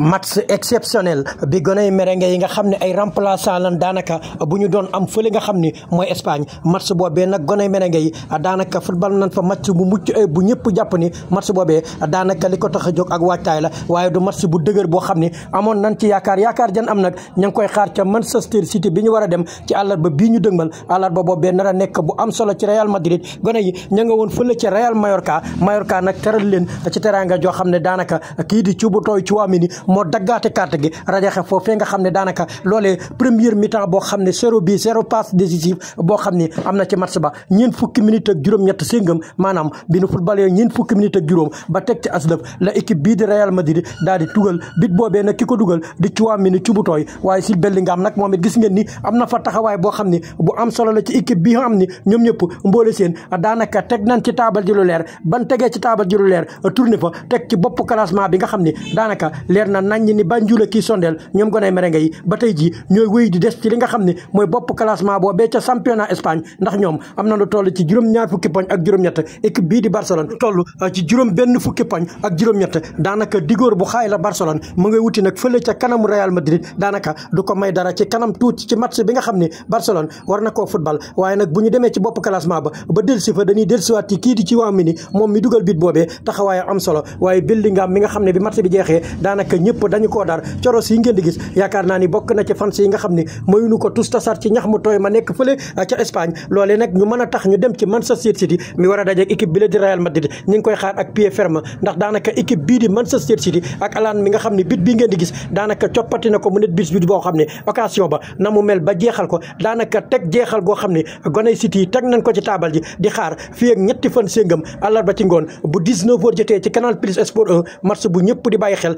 match exceptionnel bi gën ay merengue yi nga xam ne ay remplaçant lan daanaka bu ñu doon am fële nga xam ni mooy Espagne match boobee nag gën ay merengue yi daanaka football nan fa match bu mucc bu ñëpp jàpp ni match boobee daanaka li ko tax a jóg ak waajtaay la waaye du match bu dëgër boo xam ni amoon nañ ci yaakaar yaakaar jan am nag ña ngi koy xaar ca Manchester City bi ñu war a dem ci àllarba bii ñu dëgmal àllarba boobee nar a nekk bu am solo ci Real Madrid gone yi ña nga woon fële ci Real Mallorca Mallorca nag teral leen ci teraanga joo xam ne daanaka kii di cubu tooy ci waa mi moo daggaate carte gi rajaxe foofee nga xam ne daanaka loolee première mi boo xam ne zéro bi zéro passe décisif boo xam ne am na ci match ba ñeent fukki minute ak juróom-ñett séngam maanaam bi nu football yooyu ñeent fukki minute ak juróom ba teg ci aslëf la équipe bii di Real Madrid daal di tugal bit boobee nag ki dugal di Tchouaméni Couboutoy waaye si nga am nag moom it gis ngeen ni am na fa taxawaay boo xam ni bu am solo la ci équipe bi am ni ñoom ñëpp mboole seen daanaka teg nañ ci taabal ji leer ban tegee ci taabal ji lu leer tourné teg ci bopp classement bi nga xam ni daanaka na naññ ni Banjul kii sondeel ñoom goney merengue yi ba tey ji ñooy wéy di des ci li nga xam ne mooy bopp classement boobee ca championnat Espagne ndax ñoom am na lu toll ci juróom-ñaar fukki poñ ak juróom-ñett équipe bii di Barcelone toll euh, ci ñett daanaka digóor bu xaay la Barcelone mu ngay wuti nag fële ca kanamu Real Madrid daanaka du ko may dara ci kanam tuuti ci match bi nga xam ne Barcelone war na koo football waaye nag bu ñu demee ci bopp classement ba ba delsi fa dañuy delsiwaat ci kii di ci waa mi ni moom mi dugal bit boobee taxawaay am solo waaye Bellingham mi nga xam ne bi match bi jeexee daanaka yooyu ñëpp dañu koo dar coros yi ngeen di gis yaakaar naa ni bokk na ci fans yi nga xam ni mayuñu ko tous tasar ci ñax mu tooy ma nekk fële ah, ca Espagne loolee nag ñu mën a tax ñu dem ci Manchester City mi war a dajeek équipe bi la di Madrid ñu koy xaar ak pied ferme ndax daanaka équipe bii di Manchester City ak alaan mi nga xam ne bit bi ngeen di gis daanaka coppati na ko mu net bis bi boo xam ne occasion ba na mu mel ko daanaka teg jeexal goo xam ne goney City yi teg nañ ko ci taabal ji di xaar fii ak ñetti fan séngam àllarba ci ngoon bu 19 heures jotee ci Canal Plus Sport 1 ñëpp di bàyyi xel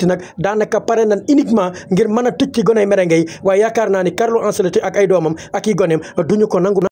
City nag daanaka pare nan uniquement ngir mën a tëj ci goney merengue yi waaye naa ni Carlo Ancelotti ak ay doomam ak i goneem duñu ko nangu